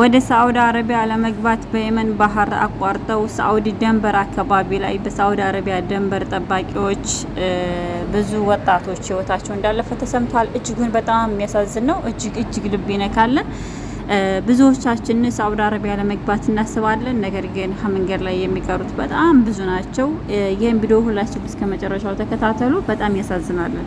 ወደ ሳዑዲ አረቢያ ለመግባት በየመን ባህር አቋርጠው ሳዑዲ ደንበር አካባቢ ላይ በሳዑዲ አረቢያ ደንበር ጠባቂዎች ብዙ ወጣቶች ህይወታቸው እንዳለፈ ተሰምቷል። እጅጉን በጣም የሚያሳዝን ነው። እጅግ እጅግ ልብ ይነካለን። ብዙዎቻችን ሳዑዲ አረቢያ ለመግባት እናስባለን። ነገር ግን ከመንገድ ላይ የሚቀሩት በጣም ብዙ ናቸው። ይህን ቪዲዮ ሁላችሁ እስከ መጨረሻው ተከታተሉ። በጣም ያሳዝናለን።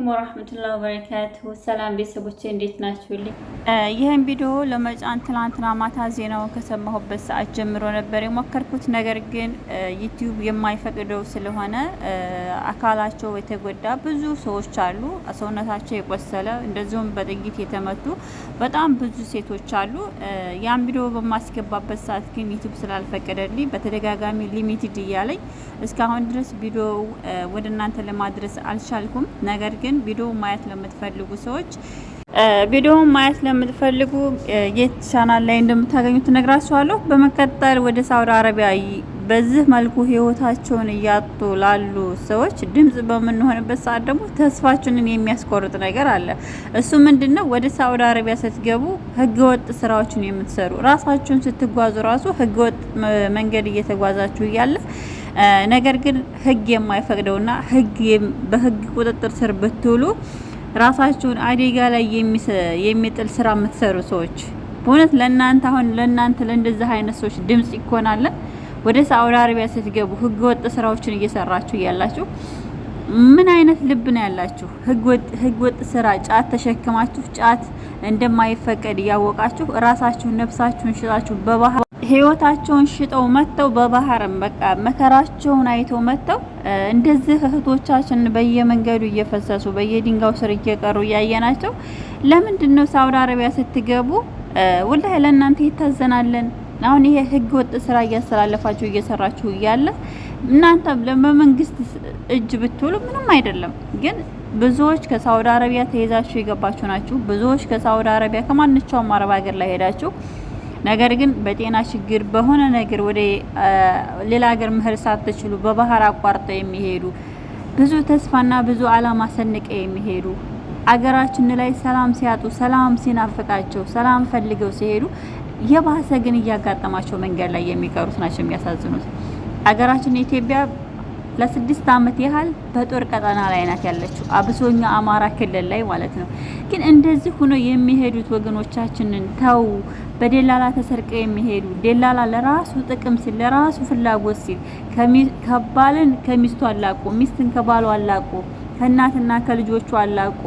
አለይኩም ወራህመቱላሂ ወበረካቱሁ። ሰላም ቤተሰቦቼ እንዴት ናችሁልኝ? ይህን ቪዲዮ ለመጫን ትላንትና ማታ ዜናውን ከሰማሁበት ሰዓት ጀምሮ ነበር የሞከርኩት። ነገር ግን ዩቲዩብ የማይፈቅደው ስለሆነ አካላቸው የተጎዳ ብዙ ሰዎች አሉ፣ ሰውነታቸው የቆሰለ እንደዚሁም በጥይት የተመቱ በጣም ብዙ ሴቶች አሉ። ያን ቪዲዮ በማስገባበት ሰዓት ግን ዩቲዩብ ስላልፈቀደልኝ በተደጋጋሚ ሊሚትድ እያለኝ እስካሁን ድረስ ቪዲዮ ወደ እናንተ ለማድረስ አልቻልኩም። ነገር ግን ግን ቪዲዮ ማየት ለምትፈልጉ ሰዎች ቪዲዮውን ማየት ለምትፈልጉ የት ቻናል ላይ እንደምታገኙት ነግራችኋለሁ። በመቀጠል ወደ ሳውዲ አረቢያ በዚህ መልኩ ህይወታቸውን እያጡ ላሉ ሰዎች ድምጽ በምንሆንበት ሰዓት ደግሞ ተስፋችንን የሚያስቆርጥ ነገር አለ። እሱ ምንድን ነው? ወደ ሳውዲ አረቢያ ስትገቡ ህገወጥ ስራዎችን የምትሰሩ ራሳችሁን ስትጓዙ ራሱ ህገወጥ መንገድ እየተጓዛችሁ እያለ ነገር ግን ህግ የማይፈቅደውና ህግ በህግ ቁጥጥር ስር ብትውሉ ራሳችሁን አደጋ ላይ የሚጥል ስራ የምትሰሩ ሰዎች በእውነት ለእናንተ አሁን ለእናንተ ለእንደዚህ አይነት ሰዎች ድምጽ ይኮናለን። ወደ ሳውዲ አረቢያ ስትገቡ ህገ ወጥ ስራዎችን እየሰራችሁ እያላችሁ ምን አይነት ልብ ነው ያላችሁ? ህገ ወጥ ስራ ጫት ተሸክማችሁ ጫት እንደማይፈቀድ እያወቃችሁ ራሳችሁን ነፍሳችሁን ሽጣችሁ በባህል ህይወታቸውን ሽጠው መጥተው በባህርም በቃ መከራቸውን አይተው መጥተው እንደዚህ እህቶቻችን በየመንገዱ እየፈሰሱ በየድንጋዩ ስር እየቀሩ እያየናቸው ለምንድን ነው ሳውዲ አረቢያ ስትገቡ ወላሂ ለእናንተ ይታዘናለን። አሁን ይሄ ህገ ወጥ ስራ እያስተላለፋችሁ እየሰራችሁ እያለ እናንተ በመንግስት እጅ ብትውሉ ምንም አይደለም ግን ብዙዎች ከሳውዲ አረቢያ ተይዛችሁ የገባችሁ ናችሁ። ብዙዎች ከሳውዲ አረቢያ ከማንቸውም አረብ ሀገር ላይ ሄዳችሁ ነገር ግን በጤና ችግር በሆነ ነገር ወደ ሌላ ሀገር መሄድ ሳትችሉ በባህር አቋርጠው የሚሄዱ ብዙ ተስፋና ብዙ አላማ ሰንቀው የሚሄዱ አገራችን ላይ ሰላም ሲያጡ ሰላም ሲናፍቃቸው ሰላም ፈልገው ሲሄዱ የባሰ ግን እያጋጠማቸው መንገድ ላይ የሚቀሩት ናቸው የሚያሳዝኑት። አገራችን ኢትዮጵያ ለስድስት ዓመት ያህል በጦር ቀጠና ላይ ናት ያለችው፣ አብሶኛ አማራ ክልል ላይ ማለት ነው። ግን እንደዚህ ሆኖ የሚሄዱት ወገኖቻችንን ተው በደላላ ተሰርቀው የሚሄዱ ደላላ ለራሱ ጥቅም ሲል ለራሱ ፍላጎት ሲል ከባልን ከሚስቱ አላቆ ሚስትን ከባሉ አላቆ ከእናትና ከልጆቹ አላቆ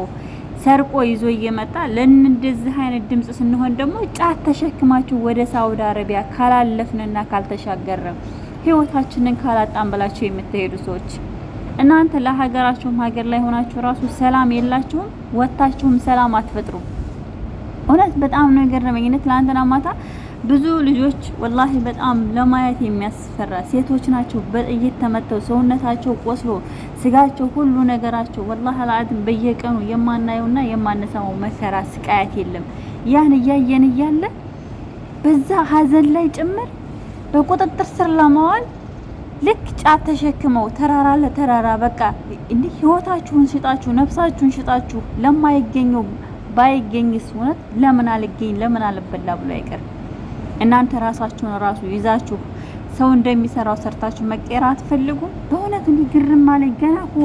ሰርቆ ይዞ እየመጣ እንደዚህ አይነት ድምጽ ስንሆን ደግሞ ጫት ተሸክማችሁ ወደ ሳውዲ አረቢያ ካላለፍንና ካልተሻገረም ህይወታችንን ካላጣን ብላችሁ የምትሄዱ ሰዎች እናንተ ለሀገራችሁም ሀገር ላይ ሆናችሁ ራሱ ሰላም የላችሁም፣ ወጥታችሁም ሰላም አትፈጥሩም። እውነት በጣም ነው የገረመኝ። ትላንትና ማታ ብዙ ልጆች ወላሂ በጣም ለማየት የሚያስፈራ ሴቶች ናቸው። በጥይት ተመተው ሰውነታቸው ቆስሎ ስጋቸው፣ ሁሉ ነገራቸው ወላሂ አልዓዚም በየቀኑ የማናየውና የማንሰማው መከራ ስቃያት የለም። ያን እያየን እያለ በዛ ሀዘን ላይ ጭምር በቁጥጥር ስር ለማዋል ልክ ጫት ተሸክመው ተራራ ለተራራ በቃ እንዲህ ህይወታችሁን ሽጣችሁ ነፍሳችሁን ሽጣችሁ ለማይገኘው ባይገኝስ እውነት ለምን አልገኝ ለምን አልበላ ብሎ አይቀርም። እናንተ ራሳችሁን ራሱ ይዛችሁ ሰው እንደሚሰራው ሰርታችሁ መቀየር አትፈልጉም በእውነት እኔ ግርም አለኝ። ገና ሆ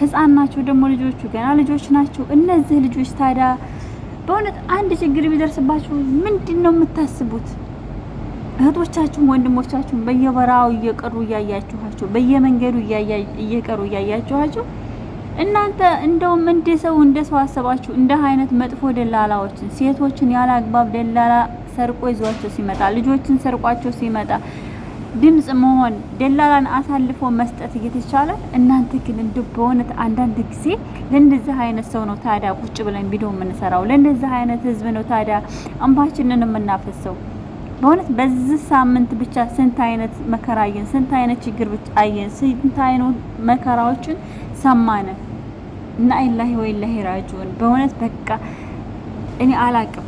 ህፃን ናቸው ደግሞ ልጆቹ ገና ልጆች ናቸው። እነዚህ ልጆች ታዲያ በእውነት አንድ ችግር ቢደርስባችሁ ምንድን ነው የምታስቡት? እህቶቻችሁን ወንድሞቻችሁን በየበረሃው እየቀሩ እያያችኋቸው፣ በየመንገዱ እየቀሩ እያያችኋቸው እናንተ እንደውም እንደ ሰው እንደ ሰው አሰባችሁ እንደ አይነት መጥፎ ደላላዎችን ሴቶችን ያለ አግባብ ደላላ ሰርቆ ይዟቸው ሲመጣ ልጆችን ሰርቋቸው ሲመጣ ድምጽ መሆን ደላላን አሳልፎ መስጠት እየተቻለ እናንተ ግን እንደ በእውነት አንዳንድ ጊዜ ለእንደዚህ አይነት ሰው ነው ታዲያ ቁጭ ብለን ቪዲዮ የምንሰራው? ለእንደዚህ አይነት ህዝብ ነው ታዲያ እንባችንን የምናፈሰው? በእውነት በዚህ ሳምንት ብቻ ስንት አይነት መከራ አየን፣ ስንት አይነት ችግር ብቻ አየን፣ ስንት አይነት መከራዎችን ሰማነን። እና ኢላሂ ወኢላሂ ራጅዑን በእውነት በቃ እኔ አላቅም።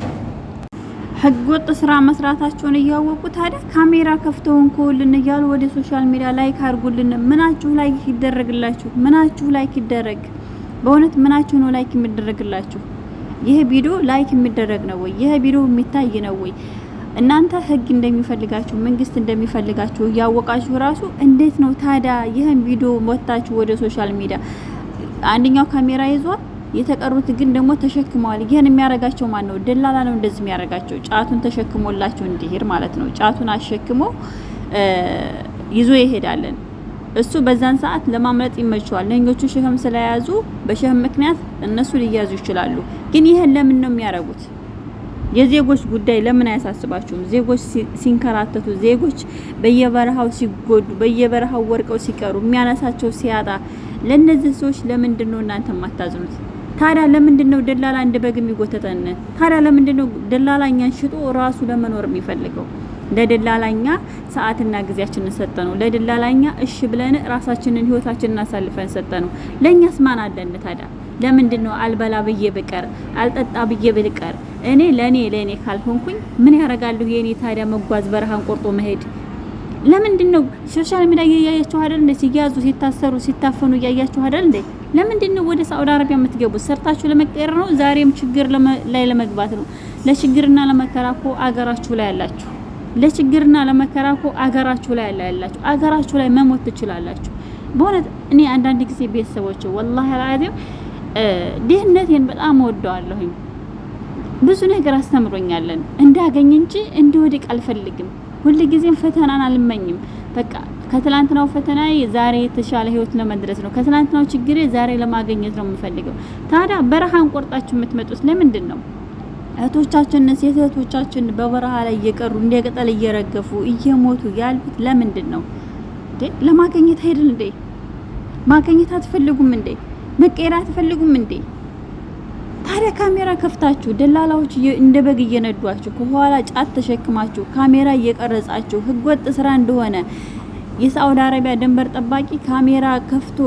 ህገወጥ ስራ መስራታቸውን እያወቁ ታዲያ ካሜራ ከፍተውን እንኮልን እያሉ ወደ ሶሻል ሚዲያ ላይክ አድርጉልን። ምናችሁ ላይክ ይደረግላችሁ? ምናችሁ ላይክ ይደረግ? በእውነት ምናችሁ ነው ላይክ የሚደረግላችሁ? ይህ ቪዲዮ ላይክ የሚደረግ ነው ወይ? ይሄ ቪዲዮ የሚታይ ነው ወይ? እናንተ ህግ እንደሚፈልጋችሁ መንግስት እንደሚፈልጋችሁ እያወቃችሁ ራሱ እንዴት ነው ታዲያ ይህን ቪዲዮ ወጥታችሁ ወደ ሶሻል ሚዲያ አንደኛው ካሜራ ይዟል፣ የተቀሩት ግን ደግሞ ተሸክመዋል። ይህን የሚያረጋቸው ማን ነው? ደላላ ነው እንደዚህ የሚያረጋቸው። ጫቱን ተሸክሞላቸው እንዲሄድ ማለት ነው። ጫቱን አሸክሞ ይዞ ይሄዳለን። እሱ በዛን ሰዓት ለማምለጥ ይመቸዋል። ለኞቹ ሸህም ስለያዙ በሸህም ምክንያት እነሱ ሊያዙ ይችላሉ። ግን ይሄን ለምን ነው የሚያረጉት? የዜጎች ጉዳይ ለምን አያሳስባችሁም? ዜጎች ሲንከራተቱ፣ ዜጎች በየበረሃው ሲጎዱ፣ በየበረሃው ወርቀው ሲቀሩ የሚያነሳቸው ሲያጣ ለእነዚህ ሰዎች ለምንድን ነው እናንተ የማታዝኑት? ታዲያ ለምንድን ነው ደላላ እንደ በግ የሚጎተተን? ታዲያ ለምንድን ነው ደላላኛን ሽጦ ራሱ ለመኖር የሚፈልገው? ለደላላኛ ሰዓትና ጊዜያችንን ሰጠ ነው። ለደላላኛ እሺ ብለን ራሳችንን ህይወታችንን አሳልፈን ሰጠ ነው። ለእኛስ ማን አለን ታዲያ? ለምንድን ነው አልበላ ብዬ ብቀር አልጠጣ ብዬ ብልቀር እኔ ለእኔ ለእኔ ካልሆንኩኝ ምን ያደርጋለሁ? የእኔ ታዲያ መጓዝ በረሃን ቆርጦ መሄድ ለምንድን ነው ሶሻል ሚዲያ እያያችሁ አይደል እንዴ? ሲያዙ፣ ሲታሰሩ፣ ሲታፈኑ እያያችሁ አይደል እንዴ? ለምንድን ነው ወደ ሳውዲ አረቢያ የምትገቡት? ሰርታችሁ ለመቀየር ነው? ዛሬም ችግር ላይ ለመግባት ነው? ለችግርና ለመከራኮ አገራችሁ ላይ ያላችሁ ለችግርና ለመከራኮ አገራችሁ ላይ ያላችሁ አገራችሁ ላይ መሞት ትችላላችሁ። በእውነት እኔ አንዳንድ ጊዜ ቤተሰቦች ወላሂ አልዓዚም ድህነቴን በጣም ወደዋለሁኝ። ብዙ ነገር አስተምሮኛለን። እንዳገኝ እንጂ እንዲወድቅ አልፈልግም። ሁልጊዜም ፈተናን አልመኝም። በቃ ከትላንትናው ፈተና ዛሬ የተሻለ ህይወት ለመድረስ ነው። ከትላንትናው ችግሬ ዛሬ ለማገኘት ነው የምፈልገው። ታዲያ በረሃን ቆርጣችሁ የምትመጡት ለምንድን ነው? እህቶቻችንን ሴት እህቶቻችን በበረሃ ላይ እየቀሩ እንደ ቅጠል እየረገፉ እየሞቱ ያሉት ለምንድን ነው? ለማገኘት አይደል እንዴ? ማገኘት አትፈልጉም እንዴ? መቀየር አትፈልጉም እንዴ? ታዲያ ካሜራ ከፍታችሁ ደላላዎች እንደ በግ እየነዷችሁ ከኋላ ጫት ተሸክማችሁ ካሜራ እየቀረጻችሁ ህገወጥ ስራ እንደሆነ የሳውዲ አረቢያ ድንበር ጠባቂ ካሜራ ከፍቶ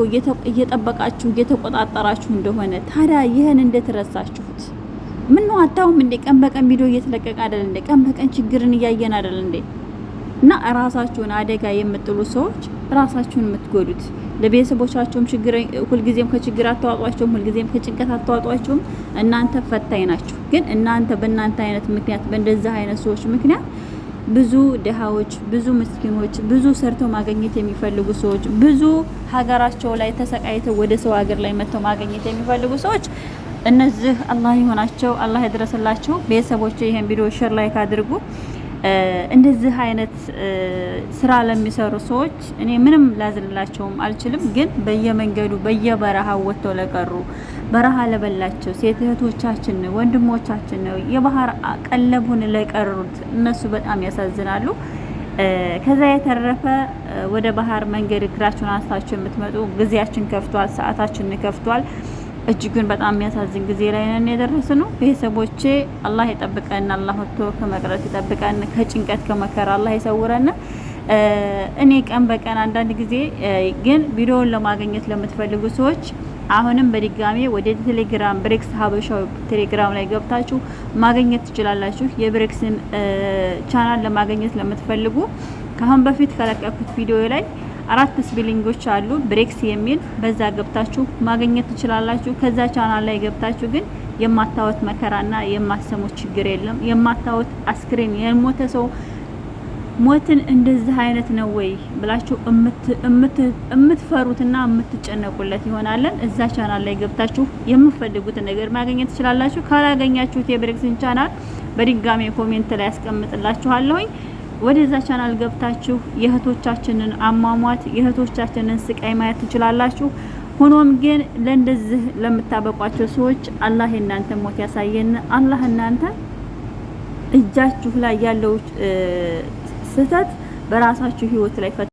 እየጠበቃችሁ እየተቆጣጠራችሁ እንደሆነ ታዲያ ይህን እንደተረሳችሁት ምን ነው አታውም እንዴ? ቀን በቀን ቪዲዮ እየተለቀቀ አይደል እንዴ? ቀን በቀን ችግርን እያየን አይደል እንዴ? እና ራሳችሁን አደጋ የምጥሉ ሰዎች ራሳችሁን የምትጎዱት ለቤተሰቦቻቸውም ችግር ሁልጊዜም ከችግር አተዋጧቸውም፣ ሁልጊዜም ከጭንቀት አተዋጧቸውም። እናንተ ፈታኝ ናችሁ። ግን እናንተ በእናንተ አይነት ምክንያት በእንደዚህ አይነት ሰዎች ምክንያት ብዙ ድሃዎች፣ ብዙ ምስኪኖች፣ ብዙ ሰርተው ማገኘት የሚፈልጉ ሰዎች፣ ብዙ ሀገራቸው ላይ ተሰቃይተው ወደ ሰው ሀገር ላይ መጥተው ማገኘት የሚፈልጉ ሰዎች እነዚህ አላህ ይሆናቸው፣ አላህ ያድረስላቸው። ቤተሰቦች ይህን ቪዲዮ ሼር ላይክ አድርጉ። እንደዚህ አይነት ስራ ለሚሰሩ ሰዎች እኔ ምንም ላዝንላቸውም አልችልም። ግን በየመንገዱ በየበረሃ ወጥተው ለቀሩ በረሃ ለበላቸው ሴት እህቶቻችን ነው ወንድሞቻችን ነው የባህር ቀለቡን ለቀሩት እነሱ በጣም ያሳዝናሉ። ከዛ የተረፈ ወደ ባህር መንገድ እግራችሁን አንስታችሁ የምትመጡ ጊዜያችን ከፍቷል፣ ሰዓታችን ከፍቷል። እጅጉን በጣም የሚያሳዝን ጊዜ ላይ ነን የደረስ ነው። ቤተሰቦቼ አላህ የጠብቀን፣ አላህ ወጥቶ ከመቅረት የጠብቀን ከጭንቀት ከመከራ አላህ የሰውረን እኔ ቀን በቀን አንዳንድ ጊዜ ግን ቪዲዮውን ለማግኘት ለምትፈልጉ ሰዎች አሁንም በድጋሚ ወደ ቴሌግራም ብሬክስ ሀበሻ ቴሌግራም ላይ ገብታችሁ ማግኘት ትችላላችሁ። የብሬክስን ቻናል ለማግኘት ለምትፈልጉ ካሁን በፊት ከለቀኩት ቪዲዮ ላይ አራት ስፔሊንጎች አሉ። ብሬክስ የሚል በዛ ገብታችሁ ማግኘት ትችላላችሁ። ከዛ ቻናል ላይ ገብታችሁ ግን የማታወት መከራና የማሰሙት ችግር የለም። የማታወት አስክሬን የሞተ ሰው ሞትን እንደዚህ አይነት ነው ወይ ብላችሁ የምትፈሩትና የምትጨነቁለት ይሆናለን። እዛ ቻናል ላይ ገብታችሁ የምትፈልጉትን ነገር ማግኘት ትችላላችሁ። ካላገኛችሁት የብሬክስን ቻናል በድጋሚ ኮሜንት ላይ ያስቀምጥላችኋለሁኝ። ወደዛ ቻናል ገብታችሁ የእህቶቻችንን አሟሟት የእህቶቻችንን ስቃይ ማየት ትችላላችሁ። ሆኖም ግን ለእንደዚህ ለምታበቋቸው ሰዎች አላህ የእናንተ ሞት ያሳየን። አላህ እናንተ እጃችሁ ላይ ያለው ስህተት በራሳችሁ ህይወት ላይ